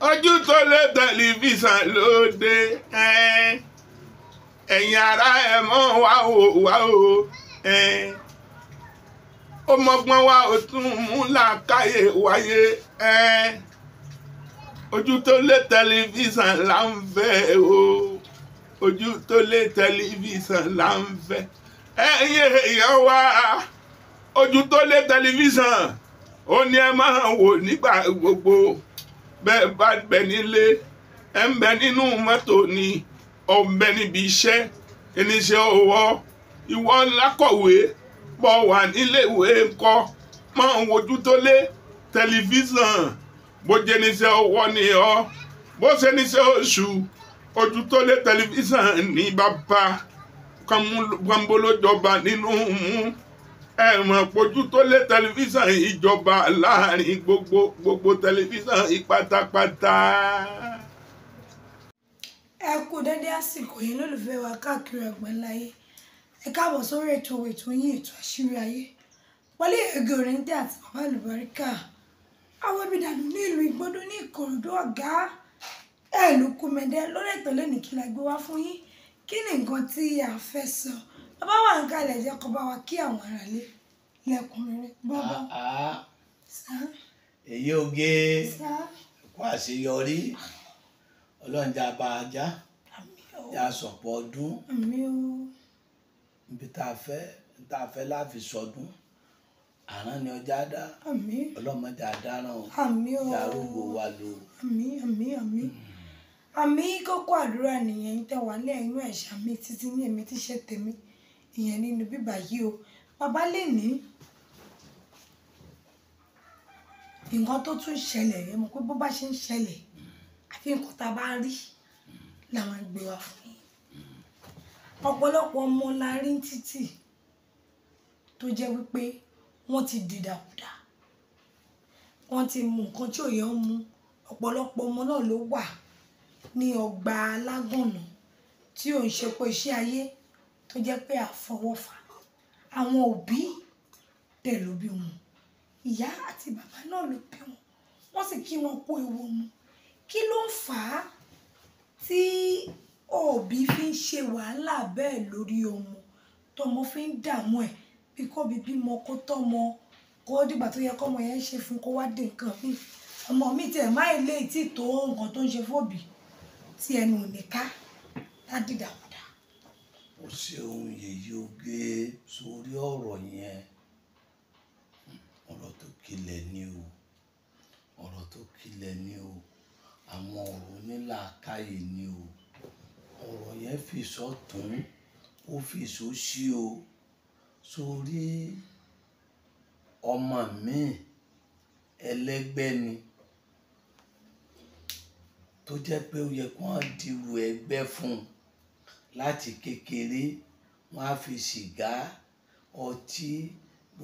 ojú tó lé tẹlifíṣàn lóde ẹ̀yin ara ẹ̀ mọ́ wá o wá o ó mọ́gbọ́n wá o tún mú làákàyè wáyé ojú tó lé tẹlifíṣàn là ń fẹ́ o ojú tó lé tẹlifíṣàn là ń fẹ́ ẹ̀yin èèyàn wá ojú tó lé tẹlifíṣàn ó ní ẹ máa wò nígbà gbogbo bẹ́ẹ̀ bá bẹ nílé ẹ ń bẹ nínú mọ́tò ni ọ̀bẹ níbi iṣẹ́ oníṣẹ́ ọwọ́ ìwọ lákọ̀wé bọ̀ wà níléèwé ńkọ́ máa ń wojú tó lé tẹlifíṣàn bó jẹ́ níṣẹ́ ọwọ́ ni ọ́ bó ṣe níṣẹ́ oṣù ojú tó lé tẹlifíṣàn ní bàbá kàmbólójọba nínú mú ẹ mọ̀ pojú tó lé tẹlifíṣàn ìjọba láàrin gbogbo gbogbo tẹlifíṣàn ìpátápátá. ẹ kú dédé àsìkò yìí lólùfẹ́ wa káàkiri àgbáńláyé ẹ káàbọ̀ sórí ètò ètò yín ètò àṣírí ayé wọlé ẹgẹ orin dé àti bàbá àlùbáríkà àwọn ibi dànù ní ìlú ìgbódò ní ìkòròdú ọ̀gá ẹ̀ ló kú mẹ́dẹ́ lórí ètò lẹ́nìí kí la gbé wá fún yín kí ni nǹkan tí a fẹ́ sọ bàbá wa ń kalẹ̀ jẹ́ kó bá wa kí àwọn aráalé lẹ́kùnrẹ́rẹ́ bàbá. Ah, ah. èyí oge kó àṣeyọrí ọlọ́run já bá a já já sọ̀pọ̀ ọdún ibi tá a fẹ́ tá a fẹ́ láàfin sọdún àrán ni ọjà dá ọlọ́mọdé àdáràn o dàrúgbò wa lò. Hmm. àmín kókó àdúrà nìyẹn ń tẹ̀wá lẹ́yìn inú ẹ̀ṣà mi títí ní èmi ti ṣe tèmi ìyẹn nínú bíbà yìí o bàbá lè ní nǹkan tó tún ṣẹlẹ̀ ẹ mọ̀ pé bó bá ṣe ń ṣẹlẹ̀ àfi nǹkan tá a bá rí làwọn gbé wa fún yín ọ̀pọ̀lọpọ̀ ọmọ la rí ń títì tó jẹ́ wípé wọ́n ti dìdàkudà wọ́n ti mú nǹkan tí òye ń mu ọ̀pọ̀lọpọ̀ ọmọ náà ló wà ní ọgbà alágànnà tí ò ń ṣe pé iṣẹ́ ayé tó jẹ́ pé àfọwọ́fà àwọn òbí dẹ̀ ló bí wọn ìyá àti bàbá náà ló bí wọn wọ́n sì kí wọn kó ewu mu kí ló ń fà á tí òbí fi ń ṣe wàhálà bẹ́ẹ̀ lórí ọmọ tọmọ fi ń dààmú ẹ̀ bí kóbi bímọ kó tọmọ kó dìgbà tó yẹ kọmọ yẹn ṣe fún kó wá dé nǹkan mi ọmọ mi tiẹ̀ má ilé tí tó nǹkan tó ń ṣe fóbì tí ẹnu ò ní ká ládìdàpọ̀ o ṣeun yèyí oge sórí ọ̀rọ̀ yẹn ọ̀rọ̀ tó kílẹ̀ ni o ọ̀rọ̀ tó kílẹ̀ ni o àwọn ọ̀rọ̀ onílàákàyè ni o ọ̀rọ̀ yẹn fi sọ́tún ó fi sósì o sórí ọmọ mi ẹlẹ́gbẹ́ ni tó jẹ́ pé ó yẹ kó hàn dirú ẹgbẹ́ fún un láti kékeré wọ́n á fi sìgá ọtí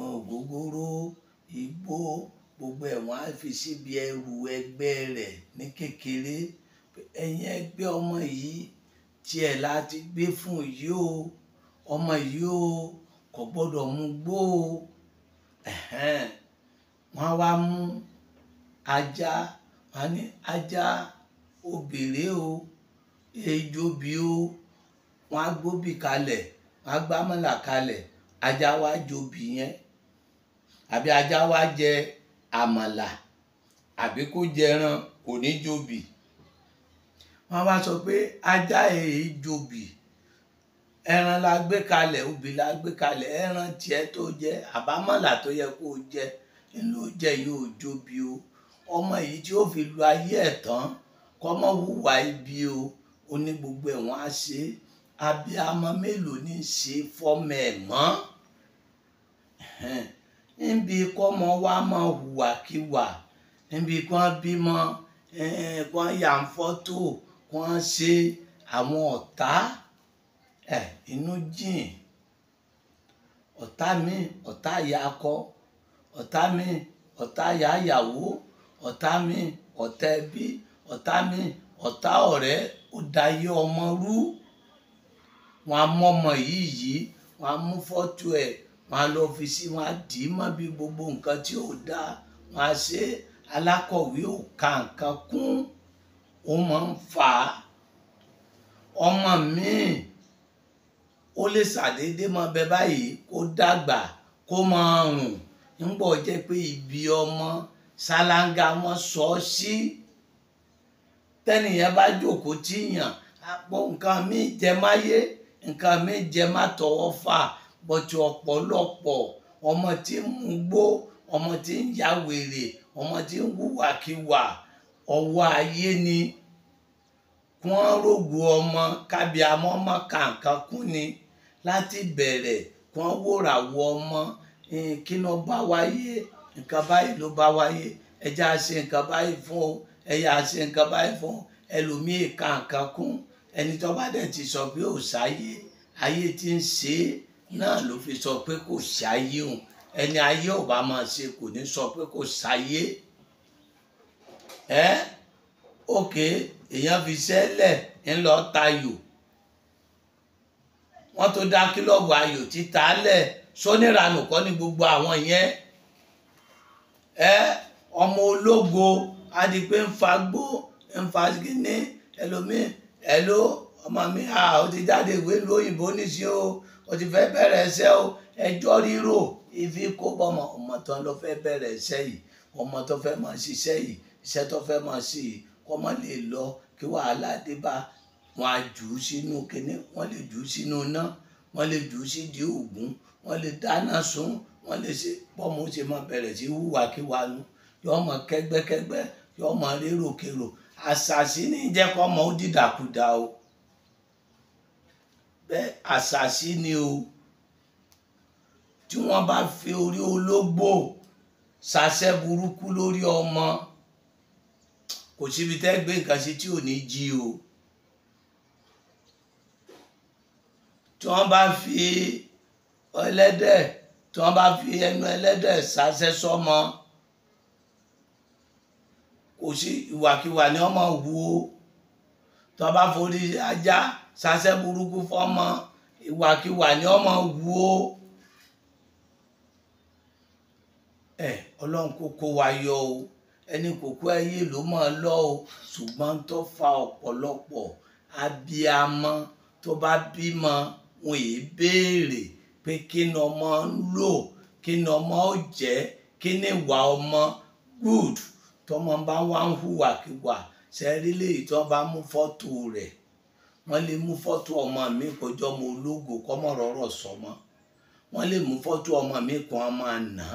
ògógóró igbó gbogbo ẹ̀ wọ́n á fi síbi ẹrù ẹgbẹ́ rẹ̀ ní kékeré ẹ̀yin ẹgbẹ́ ọmọ yìí tiẹ̀ láti gbé fún yìí o ọmọ yìí o kò gbọ́dọ̀ mú gbó o wọ́n wá mú ajá wọ́n ní ajá obìnrin o ejò bí o wọ́n á gbóbì kalẹ̀ wọ́n á gbámọ́là kalẹ̀ ajá wa jobì yẹn àbí ajá wa jẹ àmàlà àbí kó jẹran kò ní jobì wọ́n wá sọ pé ajá èyí jobì ẹran la gbé kalẹ̀ obì la gbé kalẹ̀ ẹran tiẹ̀ tó jẹ àbámọ̀là tó yẹ kó jẹ ńlọ jẹ yóò jobì o ọmọ yìí tí ó fi lu ayé ẹ̀ tán kọ́mọ hùwà ibi o ó ní gbogbo ẹ̀ wọ́n á ṣe é abiyamọ mélòó ní í ṣe fọmọ ẹ̀ mọ́ níbi kọ́mọ wa máa hùwàkiwà níbi kan bímọ kan yà ń fọ́tò kan ṣe àwọn ọ̀tá inú jìn ọ̀tá mi ọ̀tá ìyá akọ ọ̀tá mi ọ̀tá ìyá ìyàwó ọ̀tá mi ọ̀tá ẹbí ọ̀tá mi ọ̀tá ọ̀rẹ́ ó dayé ọmọ rú wọn á mọ́mọ yìí yìí wọn á mú fọ́tò ẹ̀ wọn á lọ fi sí wọn á dì í mọ́ bí gbogbo nǹkan tí ò dáa wọn á ṣe alákọ̀wé ò ka nǹkan kún ó máa ń fà á ọmọ míì ó lè ṣàdédé mọ bẹ báyìí kó dàgbà kó máa rùn nígbà jẹ́ pé ibi ọmọ ṣáláńgá wọn sọ ọ sí tẹ́nìyàn bá jókòó tíyàn àpò nǹkan míì jẹ máyé nǹkan méje má tọwọ́ fà bọ́tù ọ̀pọ̀lọpọ̀ ọmọ tí ń mugbó ọmọ tí ń ya wèrè ọmọ tí ń wúwàkiwà ọwọ́ ayé ni wọ́n rògbò ọmọ kábíamọ́ mọ́ kàǹkan kún ni láti bẹ̀rẹ̀ wọ́n wòràwọ ọmọ kí ló bá wáyé nǹkan báyìí ló bá wáyé ẹja ṣe nǹkan báyìí fún ẹyà ṣe nǹkan báyìí fún ẹlòmíì kàǹkan kún ẹni tó bá dẹ̀ ti sọ pé ò sáyé ayé ti ń ṣe é náà ló fi sọ pé kò sáyé òun ẹni ayé ò bá máa ṣe kò ní sọ pé kò sáyé ẹ òkè èèyàn fi sẹ́lẹ̀ ńlọ tayò wọ́n tó dá kílọ̀bù ayò títa lẹ̀ sóníranù kọ́ ní gbogbo àwọn yẹn ẹ ọmọ ológo á ń fa ń fa gíní hello ọmọ mi à ó ti jáde ìwé lu òyìnbó níṣẹ́ o ó ti fẹ́ bẹ̀rẹ̀ ẹsẹ̀ o ẹjọ́ rírò ìfi kó bọ́mọ ọmọ tán ló fẹ́ bẹ̀rẹ̀ ẹsẹ̀ yìí ọmọ tó fẹ́ máa ṣiṣẹ́ yìí iṣẹ́ tó fẹ́ máa ṣe yìí kọ́ mọ́ lè lọ kí wàhálà dé bá wọn á jù ú sínú kinní wọ́n lè jù ú sínú iná wọ́n lè jù ú sídìí ògún wọ́n lè dáná sun wọ́n lè ṣe bọ́mọ ó ṣe máa bẹ̀rẹ̀ sí hùwàkiwà nu yọ ọmọ kẹ́gbẹ́kẹ́gbẹ́ yọ ọmọ rérò kérò àṣàṣì ní jẹ́ kọ́mọ ó dìdàkudà o bẹ́ẹ̀ àṣàṣì ni o tí wọ́n bá fi orí ológbò ṣàṣẹ burúkú lórí ọmọ kò síbi tẹ́ gbé nǹkan sí tí ò ní jí o tí wọ́n bá fi ẹlẹ́dẹ̀ tí wọ́n bá fi ẹnu ẹlẹ́dẹ̀ ṣàṣẹ sọ́mọ. So òṣì ìwàkiwà ni ọmọ wù ó tó bá forí ajá sasẹ́ burúkú fọ́mọ ìwàkiwà ni ọmọ wù ó ẹ ọlọ́run kò kó wa yọ o ẹni kòkó ayé ló máa lọ o ṣùgbọ́n tó fa ọ̀pọ̀lọpọ̀ abiyamọ tó bá bímọ wọn èé béèrè pé kí ni ọmọ ń lò kí ni ọmọ ó jẹ́ kí ni ìwà ọmọ good tọmọ bá wá ń hùwàkiwà sẹ́rílẹ̀ tí wọ́n bá mú fọ́tò rẹ̀ wọ́n lè mú fọ́tò ọmọ mi kọjọ́ ọmọ ológo kọ́mọ rọ̀rọ̀ sọmọ wọ́n lè mú fọ́tò ọmọ mi kan ọmọ àná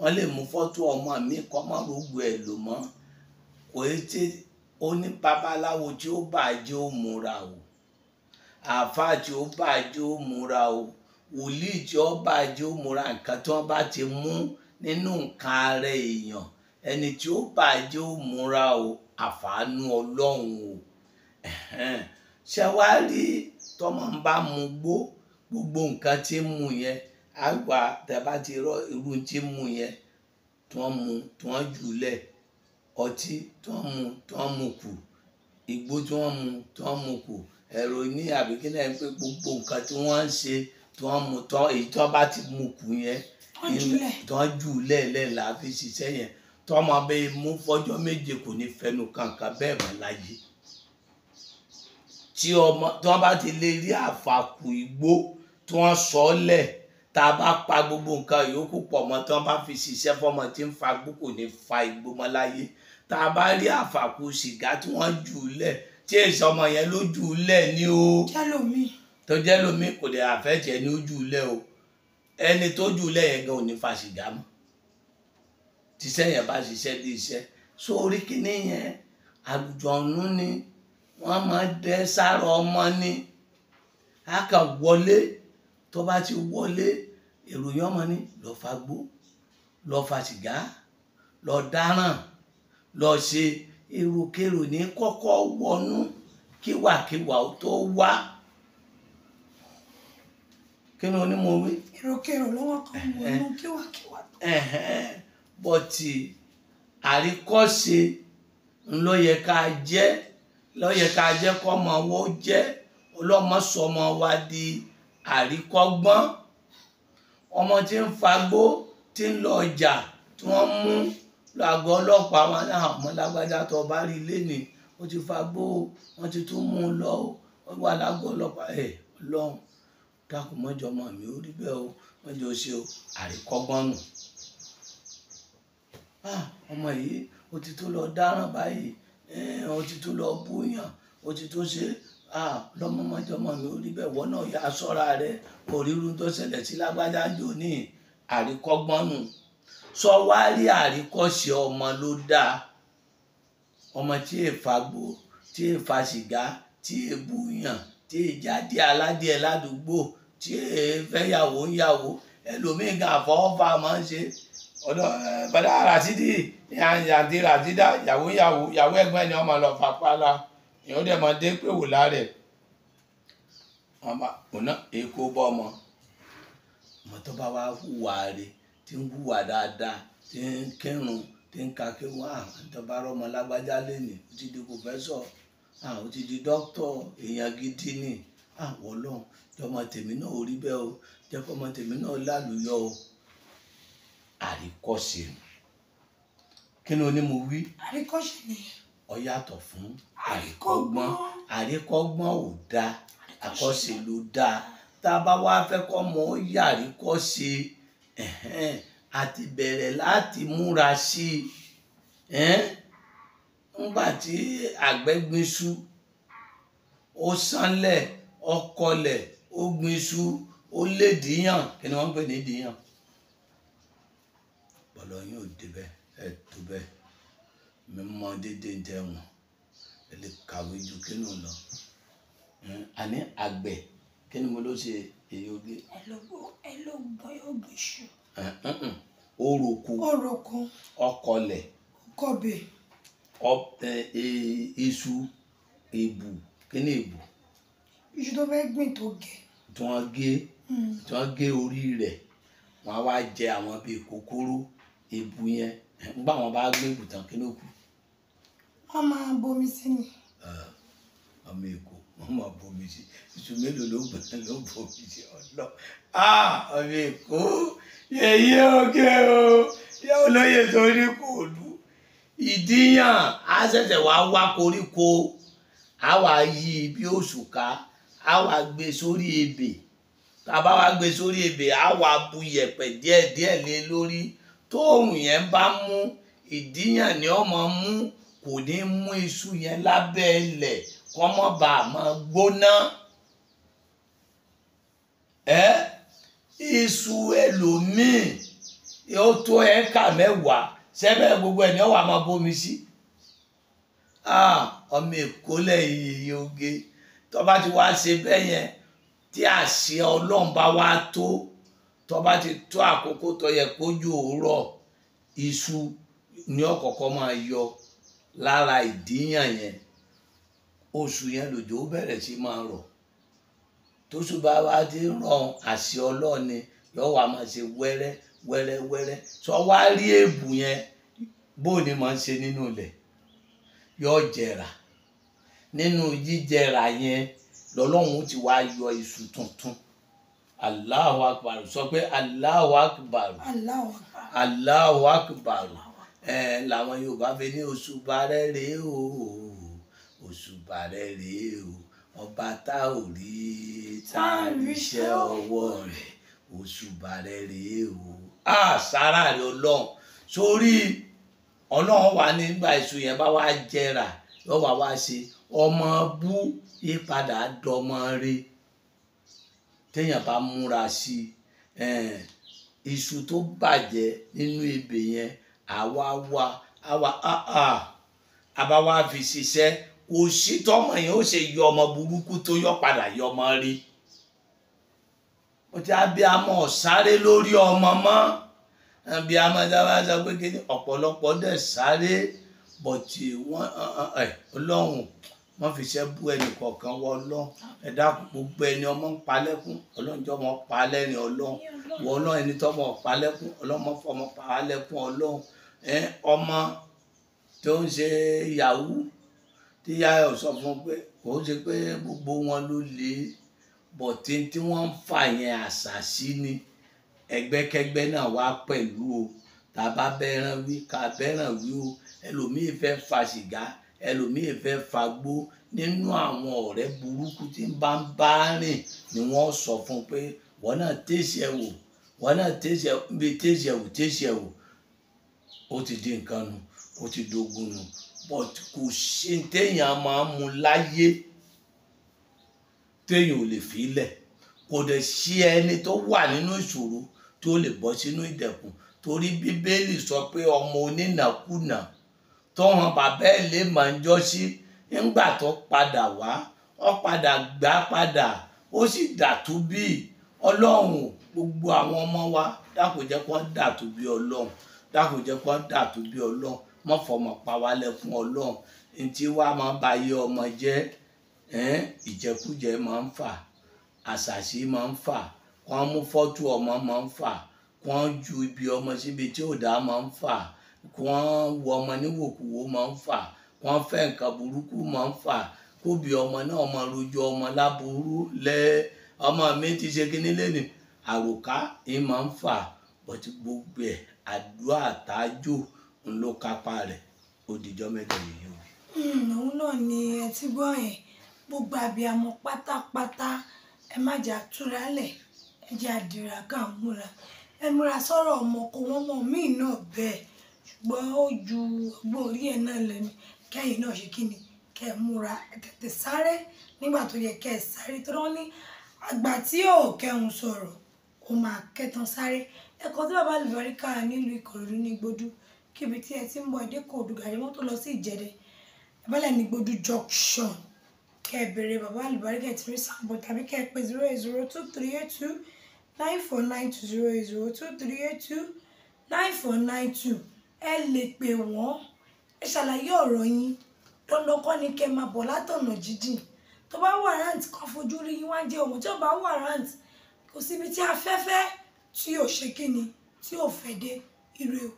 wọ́n lè mú fọ́tò ọmọ mi kọ́mọ rògbò ẹ̀ lò mọ́ kò é tí ó ní babaláwo tí ó bàjẹ́ ó múra o àáfàá tí ó bàjẹ́ ó múra o wòlíì tí ó bàjẹ́ ó múra nǹkan tí wọ́n bá ti mú nínú nǹkan ara èèyàn ẹni tí ó bàjẹ́ ò múra o àfàánú ọlọ́run o ṣe wá rí tọmọ ń bá mu gbó gbogbo nǹkan tí ń mu yẹn àgbà tẹ́bá ti rọ irú tí ń mu yẹn tí wọ́n mu tí wọ́n jùlẹ̀ ọtí tí wọ́n mu tí wọ́n mu kù igbó tí wọ́n mu tí wọ́n mu kù ẹ̀rọ ní àbíkílẹ̀ ń pé gbogbo nǹkan tí wọ́n ń ṣe tí wọ́n mu tí wọ́n bá ti mu kù yẹn tí wọ́n jùlẹ̀ lẹ́ẹ̀ fi ṣiṣẹ́ yẹn tọ́mọ bẹ́ mú fọ́jọ́ méje kò ní fẹnu kankan bẹ́ẹ̀ mọ́ láyé tí ọmọ tí wọ́n bá ti lè rí àfàkù igbó tí wọ́n sọ lẹ̀ tá a bá pa gbogbo nǹkan yòókù pọ̀ mọ́ tí wọ́n bá fi ṣiṣẹ́ fọ́mọ tí ń fa igbó kò ní fa igbó mọ́ láyé tá a bá rí àfàkù sìgá tí wọ́n jù ú lẹ̀ tí èsì ọmọ yẹn ló jù ú lẹ̀ ní o tó jẹ́ lómi kò dẹ̀ àfẹ́jẹ́ ní ó jù o ẹni tó jù ú lẹ̀ yẹn gan ò ní fa sìgá mọ́ tíṣẹ́ yẹn bá ṣiṣẹ́ di iṣẹ́ so orí kìíní yẹn àlùjọ̀nù ni wọ́n máa dẹ́ sára ọmọ ni a kàn wọlé tó bá ti wọlé èròyìn ọmọ ni lọ́ọ́ fa gbó lọ́ọ́ fa sìgá lọ́ọ́ dáràn lọ́ọ́ ṣe èròkèrò ní kọ́kọ́ wọnú kíwàkíwà ó tó wá kí ni onímọ̀ wí. èròkèrò lọ́wọ́ kan wọnú kíwàkíwà tó wá bọ̀tì eh, àríkọ́ṣe ló yẹ ká jẹ́ ló yẹ ká jẹ́ kọ́mọ wo jẹ́ ọlọ́mọ sọmọ wa di àríkọ́gbọ́n ọmọ tí ń fagbó tí ń lọ ọjà tí wọ́n mú lọ àgọ́ ọlọ́pàá wọn náà ah, ọmọ lágbájá tó bá rí ilé ni ó ti fagbó wọ́n ti tún mú un lọ ó wà lágọ́ ọlọ́pàá ẹ̀ ọlọ́run dákun mọ́jọ́ ọmọ mi ò rí bẹ́ẹ̀ o mọ́jọ́ ṣe o àríkọ́gbọ́n nù. Ah, ọmọ yìí ó ti tó lọ dáràn báyìí ó eh, ti tó lọ búyàn ó ti tó ṣe ah, lọ́mọmọjọmọ mi ò rí bẹ́ẹ̀ wọ́n náà yà sọ́ra rẹ òrírú tó ṣẹlẹ̀ sí lágbájá jò àríkọ́gbọ́nù sọ wá rí àríkọ́ṣe ọmọ ló dáa ọmọ tí è fagbó tí è fa sìgá tí è búyàn tí è jáde aládìẹ ládùúgbò tí è fẹ́yàwó ń yàwó ẹlòmíín kan àfọwọ́fà máa ń ṣe ọ̀dọ̀ bàdá ràṣídì àti ràṣídà yàwó yàwó yàwó ẹ̀gbọ́n ni ọmọ lọ fapala èèyàn dẹ̀ máa dé pèwò lárẹ̀ ọmọ òná èkó bọ́ ọmọ ọmọ tó bá wá hùwà rẹ̀ tí ń hùwà dáadáa tí ń kírun tí ń ka kí wọ́n àtọ́bá rọmọ lágbájá lẹ́nìí ó ti di pòfẹ́sọ̀ ó ti di dókítọ̀ èèyàn gidi ni àwọn ọlọ́run jọmọ tèmi náà ò rí bẹ́ẹ̀ o jẹ́ kọ́mọ tèmi náà lálùyọ o àríkọ́ṣe kí ni oní mo wí. àríkọ́ṣe ni. ó yàtọ̀ fún àríkọ́gbọ́n àríkọ́gbọ́n ò dáa àkọ́ṣe ló dáa tá a bá wá fẹ́ kọ́ mọ ó yà àríkọ́ṣe àti bẹ̀rẹ̀ láti múra sí i nígbà tí àgbẹ̀ gbinṣu ó sánlẹ̀ ọkọlẹ̀ ó gbinṣu ó lè díyàn kí ni wọ́n ń pè ní díyàn ọ̀lọ́ yín ò débẹ̀ ẹ tó bẹ́ẹ̀ mímọ déédéé ń tẹ̀wọ̀n ẹ lè kàwé ju kínú lọ àní àgbẹ̀ kí ni mo ló ṣe èyí oge. ẹ ló gbọ́ ẹ ló gbọ́ yóò gbé ṣù. oroko oroko ọkọlẹ̀ ọkọbẹ̀ e, iṣu èbù kí ni èbù. iṣu tó fẹ́ gbìn tó gé. tí wọ́n gé hmm. tí wọ́n gé orí rẹ̀ wọ́n á wá jẹ àwọn bíi kòkòrò èbù yẹn nígbà wọn bá gbé èbù kí ló kù. wọ́n máa bomi sí ni. ọmọ èkó wọ́n máa bomi sí tuntun mélòó ló gbà ló bomi sí ọlọ ọmọ èkó yẹyẹ ọkẹ o yẹ olóyè torí kò lù ìdíyàn á ṣẹ̀ṣẹ̀ wá wá koríko á wá yí bí òṣùká á wá gbé sórí ebè tá wá gbé sórí ebè á wá bu yẹ̀pẹ̀ díẹ̀díẹ̀ lé lórí tóòrùn yẹn bá mú ìdíyàn ni ó mú kò ní mú iṣu yẹn lábẹ́ ilẹ̀ kó má bá a máa gbóná. ẹ iṣu ẹlòmíì yóò tó ẹ̀ka mẹ́wàá sẹ́bẹ̀ gbogbo ẹ̀ ni ó wà bomi sí. ọmọ èkó lẹ́yìn iye oge tó ti wá ṣe bẹ́ẹ̀ tí àṣẹ ọlọ́run bá wá tó tó bá ti tó àkókò tó yẹ kójú òwúrọ̀ iṣu ni ọ̀kọ̀ọ̀kọ̀ máa yọ lára ìdíyàn yẹn oṣù yẹn lòjò ó bẹ̀rẹ̀ sí máa rọ̀ tóṣù bá wá dé ràn àṣì ọlọ́ọ̀ni yóò wá máa ṣe wẹ́rẹ́ wẹ́rẹ́ wẹ́rẹ́ sọ wá rí èbù yẹn bó ni máa ń ṣe nínú ilẹ̀ yóò jẹrà nínú jíjẹrà yẹn lọ́lọ́run ti wá yọ iṣu tuntun. Allahu Akbar sọ pé Allahu Akbar Allahu Akbar ẹ làwọn Yorùbá fi ní òṣùbà rẹ rèé o òṣùbà rẹ rèé o ọba tá ò rí tá a ríṣẹ́ ọwọ́ rẹ̀ òṣùbà rẹ rèé o àṣàrà rẹ Ọlọ́run sórí Ọlọ́run wà nígbà èso yẹn bá wá jẹrà yọ wá ṣe ọmọ bú yí padà dọmọ rí téèyàn bá múra sí i iṣu tó bàjẹ́ nínú ebè yẹn àwa wa àwa àbá wa fi ṣiṣẹ́ kò sí tọmọ yẹn ó ṣe yọ ọmọ burúkú tó yọ padà yọ ọmọ rí mo ti abiyamọ sáré lórí ọmọ mọ abiyamọ dábàá sọ pé kí ni ọ̀pọ̀lọpọ̀ dẹ̀ sáré bọ̀tì wọn ọlọ́run má fi iṣẹ́ bú ẹnì kọ̀ọ̀kan wọ ọlọ́run ẹ dákun gbogbo ẹni ọmọ ń palẹ́kún ọlọ́njọ́ ọmọ palẹ́rìn ọlọ́run wọ ọlọ́run ẹni tọ́mọ palẹ́kún ọlọ́mọ fọmọ palẹ́kún ọlọ́run ẹ ọmọ tó ń ṣe yahoo tí yá ẹ sọ fún pé kò ń ṣe pé gbogbo wọn ló lè bọ̀tí tí wọ́n ń fà yẹn àṣàṣì ni ẹgbẹ́kẹ́gbẹ́ náà wá pẹ̀lú o tàbá bẹ́ràn wí kà bẹ́ràn wí o ẹlòmíì fẹ́ fa sìgá ẹlòmíì fẹ́ fagbó nínú àwọn ọ̀rẹ́ burúkú tí ń bá ń bá rìn ni wọ́n sọ fún pé wọ́n náà tẹ̀sí wò wọ́n náà ti di nǹkan nu ó ti dogun nu but kò ṣe téèyàn máa ń mu láyé téèyàn ò lè fi lẹ̀ kò dẹ̀ ẹni tó wà nínú ìṣòro tó lè bọ́ sínú ìdẹ̀kùn torí bíbélì sọ tó hàn bàbá ẹ̀ lè máa ń jọ sí nígbà tó padà wá ó padà gbà padà ó sì dàtú bí ọlọ́run gbogbo àwọn ọmọ wa dákun jẹ́ kó dàtú bí ọlọ́run dákun jẹ́ kó dàtú bí ọlọ́run mọ́ fọmọ pa wá lẹ́kún ọlọ́run ntí wá máa ba ayé ọmọ jẹ́ ìjẹkújẹ máa ń fà àṣàṣì máa ń fà kó mú fọ́tò ọmọ máa ń fà kó ju ibi ọmọ síbi tí ò dá máa ń fà wọ́n wọ ọmọ níwòkuwò máa ń fà wọ́n fẹ́ nǹkan burúkú máa ń fà kóbi ọmọ náà máa rojọ́ ọmọ láburú lẹ́ ọmọ mi ti ṣe kíní lẹ́nu àròká ẹ máa ń fà bọ́tí gbogbo ẹ̀ àdúrà àtàjò ń ló kápá rẹ̀ òdìjọ́ mẹ́jọ yìí o. Hmm, òun náà ni ẹ ti gbọ́ yẹn gbogbo àbíamọ pátápátá ẹ má jà túra lẹ̀ ẹ jà dìrà ká múra ẹ múra sọ̀rọ̀ ọmọ kò wọ́n mọ̀ míì náà bẹ́ẹ̀ ṣùgbọ́n ó ju ọgbọ́n orí ẹ̀ náà lẹ́nu kẹ́yìn náà ṣe kí ni kẹ́ ẹ múra tètè sáré nígbà tó yẹ kẹ́ ẹ sáré tó rán ní àgbà tí ò kẹ́hùn sọ̀rọ̀ kò máa kẹ́tàn sáré ẹ̀kọ́ tí bàbá àlùbáríkà nílùú ìkòròdú ní gbódú kíbi tí ẹ ti ń bọ̀ ẹ̀dẹ́kọ̀ òdùgàrí mọ́tò lọ sí ìjẹ̀dẹ̀ ìbálẹ̀ ní gbódú junction kẹ́ ẹ béèrè bàbá àlùbáríkà ti rí sàǹbọ̀ tàbí kẹ́ ẹ pè zero eight zero two three eight two nine four nine two zero eight zero two three eight two nine four nine two ẹ lè pè wọ́n ẹ ṣàlàyé ọ̀rọ̀ yín dandan ni kẹ́ máa bọ̀ látọ̀nà jíjìn tó bá warrant kan fojú rí yín wá jẹ́ ọmọ tí ó bá warrant kò síbi tí afẹ́fẹ́ tí ò ṣe kíni tí ò fẹ́ dé irú ewu.